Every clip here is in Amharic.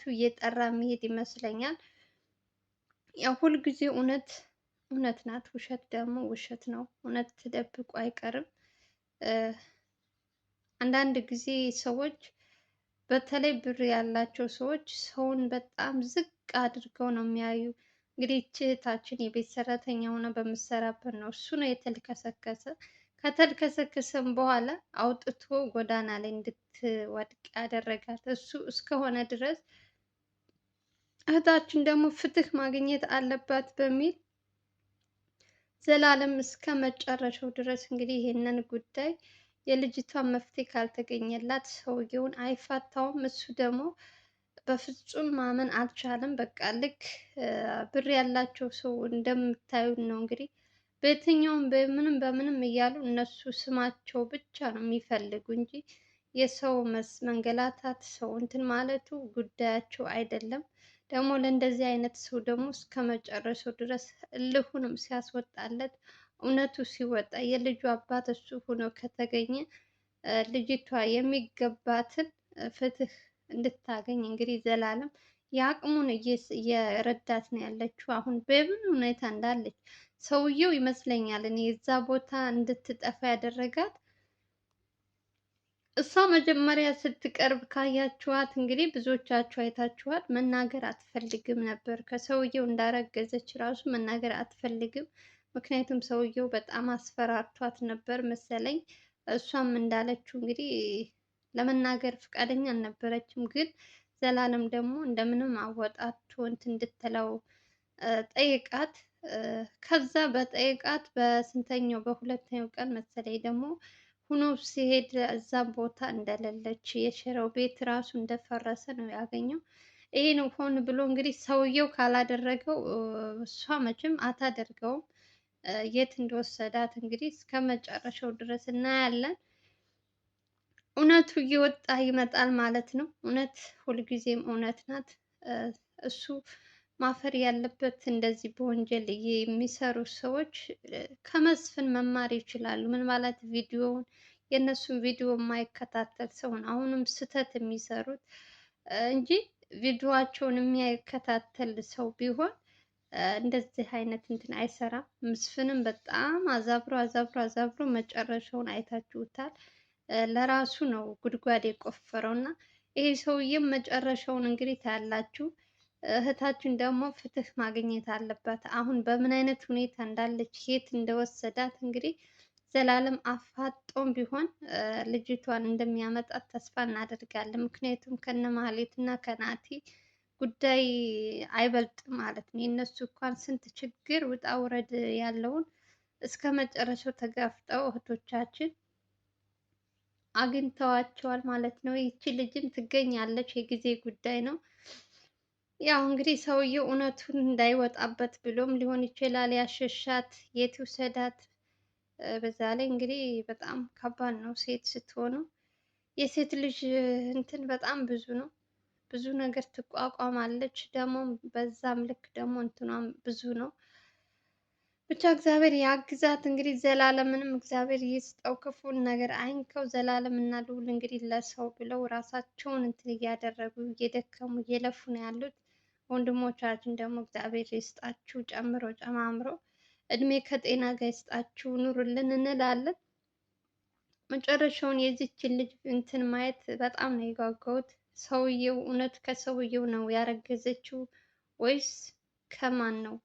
ቱ እየጠራ መሄድ ይመስለኛል። ያው ሁልጊዜ እውነት እውነት ናት፣ ውሸት ደግሞ ውሸት ነው። እውነት ተደብቆ አይቀርም። አንዳንድ ጊዜ ሰዎች በተለይ ብር ያላቸው ሰዎች ሰውን በጣም ዝቅ አድርገው ነው የሚያዩ። እንግዲህ እህታችን የቤት ሰራተኛ ሆና በምትሰራበት ነው እሱ ነው የተልከሰከሰ ከተልከሰከሰም በኋላ አውጥቶ ጎዳና ላይ እንድትወድቅ ያደረጋት እሱ እስከሆነ ድረስ እህታችን ደግሞ ፍትህ ማግኘት አለባት በሚል ዘላለም እስከ መጨረሻው ድረስ እንግዲህ ይህንን ጉዳይ የልጅቷን መፍትሄ ካልተገኘላት ሰውየውን አይፋታውም። እሱ ደግሞ በፍጹም ማመን አልቻለም። በቃ ልክ ብር ያላቸው ሰው እንደምታዩን ነው እንግዲህ በየትኛውም በምንም በምንም እያሉ እነሱ ስማቸው ብቻ ነው የሚፈልጉ እንጂ የሰው መንገላታት ሰው እንትን ማለቱ ጉዳያቸው አይደለም። ደግሞ ለእንደዚህ አይነት ሰው ደግሞ እስከ መጨረሻው ድረስ እልሁንም ሲያስወጣለት እውነቱ ሲወጣ የልጁ አባት እሱ ሆኖ ከተገኘ ልጅቷ የሚገባትን ፍትህ እንድታገኝ እንግዲህ ዘላለም የአቅሙን እየረዳት ነው ያለችው። አሁን በምን ሁኔታ እንዳለች ሰውየው ይመስለኛል እኔ የዛ ቦታ እንድትጠፋ ያደረጋት እሷ መጀመሪያ ስትቀርብ ካያችኋት እንግዲህ ብዙዎቻችሁ አይታችኋት፣ መናገር አትፈልግም ነበር። ከሰውየው እንዳረገዘች ራሱ መናገር አትፈልግም። ምክንያቱም ሰውየው በጣም አስፈራርቷት ነበር መሰለኝ። እሷም እንዳለችው እንግዲህ ለመናገር ፈቃደኛ አልነበረችም ግን ዘላለም ደግሞ እንደምንም አወጣቱ እንትን እንድትለው ጠይቃት። ከዛ በጠይቃት በስንተኛው በሁለተኛው ቀን መሰለኝ ደግሞ ሁኖ ሲሄድ እዛ ቦታ እንደሌለች የሽረው ቤት ራሱ እንደፈረሰ ነው ያገኘው። ይሄን ሆን ብሎ እንግዲህ ሰውየው ካላደረገው እሷ መቼም አታደርገውም። የት እንደወሰዳት እንግዲህ እስከ መጨረሻው ድረስ እናያለን። እውነቱ እየወጣ ይመጣል ማለት ነው። እውነት ሁልጊዜም እውነት ናት። እሱ ማፈር ያለበት እንደዚህ በወንጀል የሚሰሩ ሰዎች ከመስፍን መማር ይችላሉ። ምን ማለት ቪዲዮውን የእነሱን ቪዲዮ የማይከታተል ሰውን አሁንም ስህተት የሚሰሩት እንጂ ቪዲዮዋቸውን የሚያይከታተል ሰው ቢሆን እንደዚህ አይነት እንትን አይሰራም። መስፍንም በጣም አዛብሮ አዛብሮ አዛብሮ መጨረሻውን አይታችሁታል። ለራሱ ነው ጉድጓድ የቆፈረው እና ይሄ ሰውዬም መጨረሻውን እንግዲህ ታያላችሁ። እህታችን ደግሞ ፍትህ ማግኘት አለባት። አሁን በምን አይነት ሁኔታ እንዳለች የት እንደወሰዳት እንግዲህ ዘላለም አፋጦም ቢሆን ልጅቷን እንደሚያመጣት ተስፋ እናደርጋለን። ምክንያቱም ከነ ማህሌት እና ከናቲ ጉዳይ አይበልጥም ማለት ነው። የእነሱ እንኳን ስንት ችግር ውጣ ውረድ ያለውን እስከ መጨረሻው ተጋፍጠው እህቶቻችን አግኝተዋቸዋል ማለት ነው። ይቺ ልጅም ትገኛለች፣ የጊዜ ጉዳይ ነው። ያው እንግዲህ ሰውየው እውነቱን እንዳይወጣበት ብሎም ሊሆን ይችላል ያሸሻት፣ የት ይውሰዳት። በዛ ላይ እንግዲህ በጣም ከባድ ነው ሴት ስትሆኑ። የሴት ልጅ እንትን በጣም ብዙ ነው፣ ብዙ ነገር ትቋቋማለች። ደግሞ በዛም ልክ ደግሞ እንትኗም ብዙ ነው። ብቻ እግዚአብሔር ያግዛት። እንግዲህ ዘላለምንም እግዚአብሔር ይስጠው፣ ክፉን ነገር አይንከው። ዘላለም እና ልዑል እንግዲህ ለሰው ብለው ራሳቸውን እንትን እያደረጉ እየደከሙ እየለፉ ነው ያሉት። ወንድሞቻችን ደግሞ እግዚአብሔር ይስጣችሁ ጨምሮ ጨማምሮ እድሜ ከጤና ጋር ይስጣችሁ፣ ኑሩልን እንላለን። መጨረሻውን የዚችን ልጅ እንትን ማየት በጣም ነው የጓጓሁት። ሰውየው እውነት ከሰውየው ነው ያረገዘችው ወይስ ከማን ነው?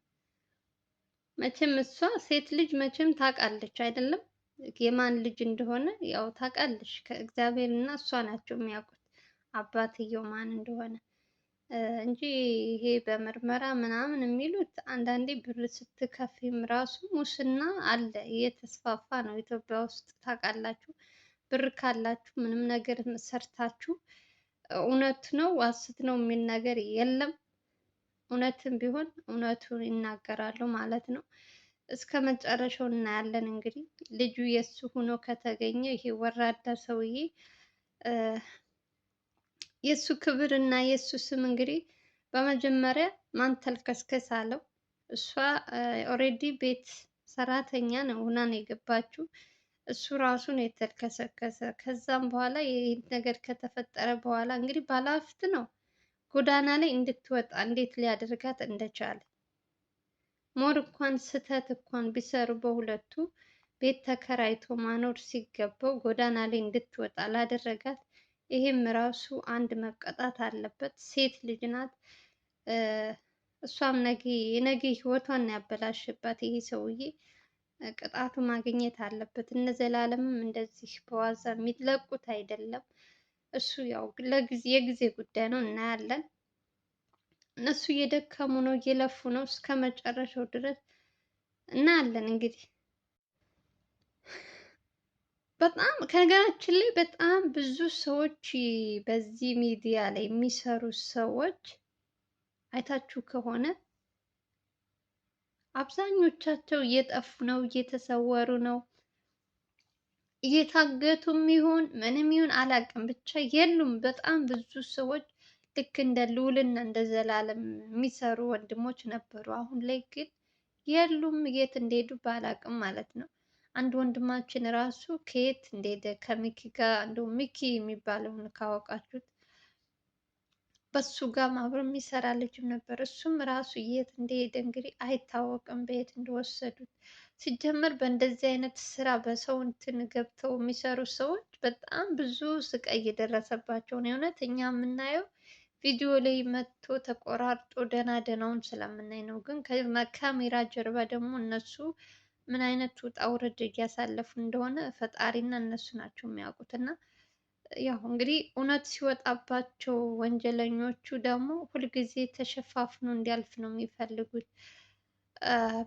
መቼም እሷ ሴት ልጅ መቼም ታውቃለች አይደለም የማን ልጅ እንደሆነ ያው ታውቃለች። ከእግዚአብሔር እና እሷ ናቸው የሚያውቁት አባትየው ማን እንደሆነ እንጂ ይሄ በምርመራ ምናምን የሚሉት አንዳንዴ ብር ስትከፍም ራሱ ሙስና አለ፣ እየተስፋፋ ነው ኢትዮጵያ ውስጥ ታውቃላችሁ። ብር ካላችሁ ምንም ነገር ሰርታችሁ እውነት ነው ዋስት ነው የሚል ነገር የለም። እውነትም ቢሆን እውነቱን ይናገራሉ ማለት ነው። እስከ መጨረሻው እናያለን። እንግዲህ ልጁ የሱ ሆኖ ከተገኘ ይሄ ወራዳ ሰውዬ የሱ ክብር እና የሱ ስም እንግዲህ በመጀመሪያ ማን ተልከስከስ አለው። እሷ ኦሬዲ ቤት ሰራተኛ ነው ሆና ነው የገባችው። እሱ ራሱ ነው የተልከሰከሰ። ከዛም በኋላ ይህ ነገር ከተፈጠረ በኋላ እንግዲህ ባለሀብት ነው ጎዳና ላይ እንድትወጣ እንዴት ሊያደርጋት እንደቻለ ሞር እንኳን ስህተት እንኳን ቢሰሩ በሁለቱ ቤት ተከራይቶ ማኖር ሲገባው ጎዳና ላይ እንድትወጣ ላደረጋት ይህም ራሱ አንድ መቀጣት አለበት። ሴት ልጅ ናት። እሷም ነገ የነገ ህይወቷን ያበላሽባት ይሄ ሰውዬ ቅጣቱ ማግኘት አለበት። እነ ዘላለምም እንደዚህ በዋዛ የሚለቁት አይደለም። እሱ ያው የጊዜ ጉዳይ ነው፣ እናያለን። እነሱ እየደከሙ ነው፣ እየለፉ ነው እስከ መጨረሻው ድረስ እናያለን። እንግዲህ በጣም ከነገራችን ላይ በጣም ብዙ ሰዎች በዚህ ሚዲያ ላይ የሚሰሩ ሰዎች አይታችሁ ከሆነ አብዛኞቻቸው እየጠፉ ነው፣ እየተሰወሩ ነው። እየታገቱም ይሁን ምንም ይሁን አላውቅም፣ ብቻ የሉም። በጣም ብዙ ሰዎች ልክ እንደ ልዑልና እንደ ዘላለም የሚሰሩ ወንድሞች ነበሩ። አሁን ላይ ግን የሉም። የት እንደሄዱ ባላውቅም ማለት ነው። አንድ ወንድማችን ራሱ ከየት እንደሄደ ከሚኪ ጋር እንደው ሚኪ የሚባለውን ካወቃችሁት በሱ ጋር አብሮ የሚሰራ ልጅም ነበር። እሱም ራሱ የት እንደሄደ እንግዲህ አይታወቅም፣ በየት እንደወሰዱት። ሲጀመር በእንደዚህ አይነት ስራ በሰው እንትን ገብተው የሚሰሩ ሰዎች በጣም ብዙ ስቃይ እየደረሰባቸው ነው። የእውነት እኛ የምናየው ቪዲዮ ላይ መጥቶ ተቆራርጦ ደህና ደህናውን ስለምናይ ነው። ግን ከካሜራ ጀርባ ደግሞ እነሱ ምን አይነት ውጣ ውረድ እያሳለፉ እንደሆነ ፈጣሪና እነሱ ናቸው የሚያውቁት እና ያው እንግዲህ እውነት ሲወጣባቸው ወንጀለኞቹ ደግሞ ሁልጊዜ ተሸፋፍኖ እንዲያልፍ ነው የሚፈልጉት።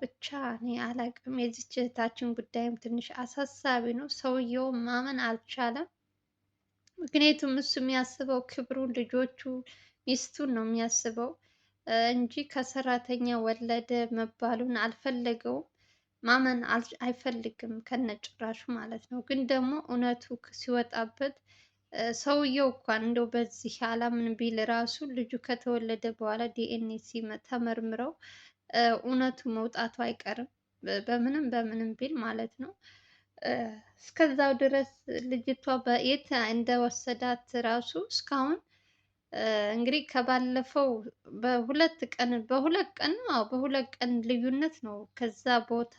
ብቻ እኔ አላቅም። የዚች እህታችን ጉዳይም ትንሽ አሳሳቢ ነው። ሰውየው ማመን አልቻለም። ምክንያቱም እሱ የሚያስበው ክብሩን፣ ልጆቹ፣ ሚስቱን ነው የሚያስበው እንጂ ከሰራተኛ ወለደ መባሉን አልፈለገውም። ማመን አይፈልግም ከነጭራሹ ማለት ነው። ግን ደግሞ እውነቱ ሲወጣበት ሰውየው እንኳን እንደው በዚህ አላምን ቢል ራሱ ልጁ ከተወለደ በኋላ ዲኤንኤ ተመርምረው እውነቱ መውጣቱ አይቀርም። በምንም በምንም ቢል ማለት ነው። እስከዛው ድረስ ልጅቷ በየት እንደወሰዳት ራሱ እስካሁን እንግዲህ ከባለፈው በሁለት ቀን በሁለት ቀን ነው በሁለት ቀን ልዩነት ነው ከዛ ቦታ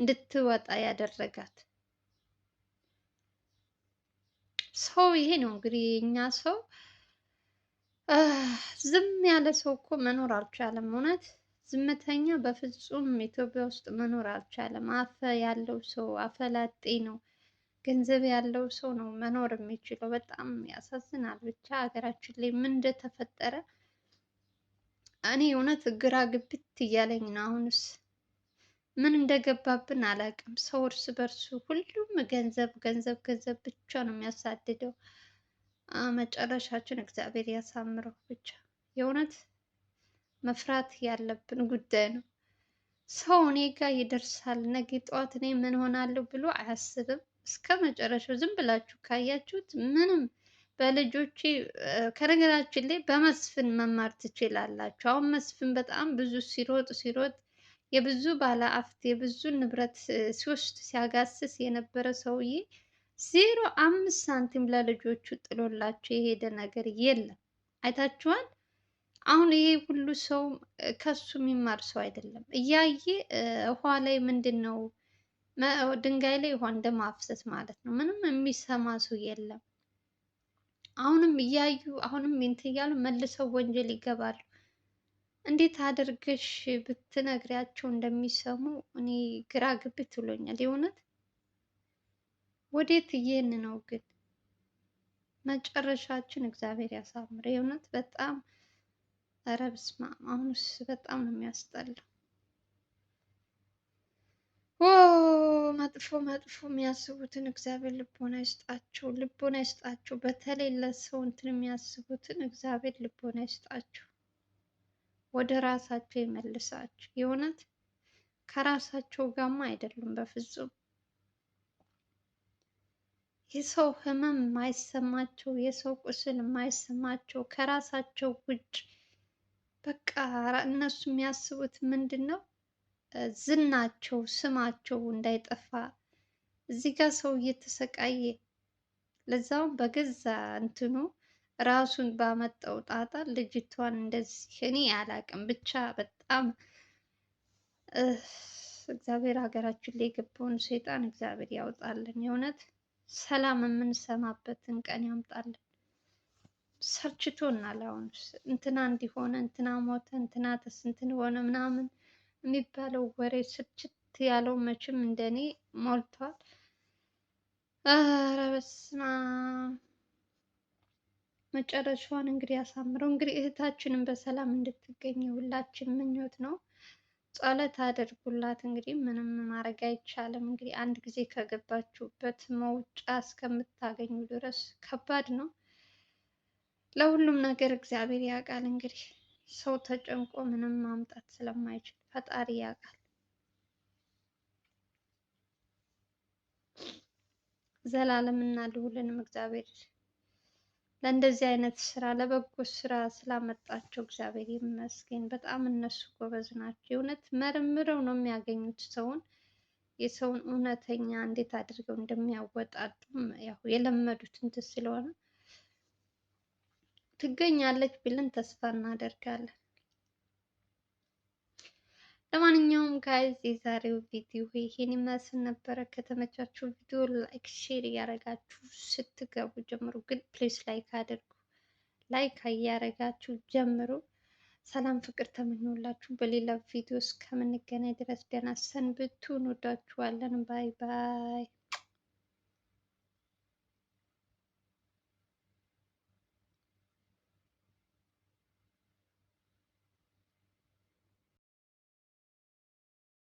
እንድትወጣ ያደረጋት። ሰው ይሄ ነው እንግዲህ የኛ ሰው ዝም ያለ ሰው እኮ መኖር አልቻለም። እውነት ዝምተኛ በፍጹም ኢትዮጵያ ውስጥ መኖር አልቻለም። አፈ ያለው ሰው አፈላጤ ነው፣ ገንዘብ ያለው ሰው ነው መኖር የሚችለው። በጣም ያሳዝናል። ብቻ ሀገራችን ላይ ምን እንደተፈጠረ እኔ እውነት ግራ ግብት እያለኝ ነው አሁንስ ምን እንደገባብን አላውቅም። ሰው እርስ በርሱ ሁሉም ገንዘብ ገንዘብ ገንዘብ ብቻ ነው የሚያሳድደው። መጨረሻችን እግዚአብሔር ያሳምረው ብቻ። የእውነት መፍራት ያለብን ጉዳይ ነው። ሰው እኔ ጋር ይደርሳል፣ ነገ ጠዋት እኔ ምን ሆናለሁ ብሎ አያስብም። እስከ መጨረሻው ዝም ብላችሁ ካያችሁት ምንም በልጆቼ ከነገራችን ላይ በመስፍን መማር ትችላላችሁ። አሁን መስፍን በጣም ብዙ ሲሮጥ ሲሮጥ የብዙ ባለሀብት የብዙ ንብረት ሲወስድ ሲያጋስስ የነበረ ሰውዬ ዜሮ አምስት ሳንቲም ለልጆቹ ጥሎላቸው የሄደ ነገር የለም። አይታችኋል። አሁን ይሄ ሁሉ ሰው ከሱ የሚማር ሰው አይደለም። እያየ ውሃ ላይ ምንድን ነው ድንጋይ ላይ ውሃ እንደማፍሰስ ማለት ነው። ምንም የሚሰማ ሰው የለም። አሁንም እያዩ አሁንም እንትን እያሉ መልሰው ወንጀል ይገባሉ። እንዴት አድርገሽ ብትነግሪያቸው እንደሚሰሙ እኔ ግራ ግብት ብሎኛል። የእውነት ወዴት ይህን ነው ግን መጨረሻችን እግዚአብሔር ያሳምር። የእውነት በጣም ኧረ በስመ አብ! አሁንስ በጣም ነው የሚያስጠላው። ኦ መጥፎ መጥፎ የሚያስቡትን እግዚአብሔር ልቦና ይስጣቸው፣ ልቦና ይስጣቸው። በተለይ ለሰው እንትን የሚያስቡትን እግዚአብሔር ልቦና ይስጣቸው። ወደ ራሳቸው ይመልሳቸው። የእውነት ከራሳቸው ጋማ አይደሉም በፍጹም። የሰው ህመም ማይሰማቸው፣ የሰው ቁስል ማይሰማቸው ከራሳቸው ውጭ በቃ እነሱ የሚያስቡት ምንድን ነው? ዝናቸው፣ ስማቸው እንዳይጠፋ እዚህ ጋር ሰው እየተሰቃየ ለዛውም በገዛ እንትኑ ራሱን ባመጣው ጣጣ ልጅቷን እንደዚህ እኔ አላቅም። ብቻ በጣም እግዚአብሔር ሀገራችን ላይ የገባውን ሰይጣን እግዚአብሔር ያውጣልን። የእውነት ሰላም የምንሰማበትን ቀን ያምጣልን። ሰልችቶናል። አሁን እንትና እንዲሆነ እንትና ሞተ፣ እንትና ተስንትን ሆነ ምናምን የሚባለው ወሬ ስልችት ያለው መቼም እንደኔ ሞልቷል። ኧረ በስመ አብ መጨረሻዋን እንግዲህ ያሳምረው። እንግዲህ እህታችንን በሰላም እንድትገኝ ሁላችን ምኞት ነው። ጸሎት አድርጉላት። እንግዲህ ምንም ማድረግ አይቻልም። እንግዲህ አንድ ጊዜ ከገባችሁበት መውጫ እስከምታገኙ ድረስ ከባድ ነው። ለሁሉም ነገር እግዚአብሔር ያውቃል። እንግዲህ ሰው ተጨንቆ ምንም ማምጣት ስለማይችል ፈጣሪ ያውቃል። ዘላለምና ልዑልንም እግዚአብሔር ለእንደዚህ አይነት ስራ ለበጎ ስራ ስላመጣቸው እግዚአብሔር ይመስገን። በጣም እነሱ ጎበዝ ናቸው። የእውነት መርምረው ነው የሚያገኙት ሰውን የሰውን እውነተኛ እንዴት አድርገው እንደሚያወጣጡም ያው የለመዱት እንትን ስለሆነ ትገኛለች ብለን ተስፋ እናደርጋለን። ለማንኛውም ጋይዝ የዛሬው ቪዲዮ ይሄን ይመስል ነበረ። ከተመቻችሁ ቪዲዮ ላይክ፣ ሼር እያደረጋችሁ ስትገቡ ጀምሩ። ግን ፕሌስ ላይክ አድርጉ። ላይክ እያደረጋችሁ ጀምሩ። ሰላም ፍቅር ተመኘሁላችሁ። በሌላ ቪዲዮ እስከምንገናኝ ድረስ ደህና ሰንብቱ። እንወዳችኋለን። ባይ ባይ።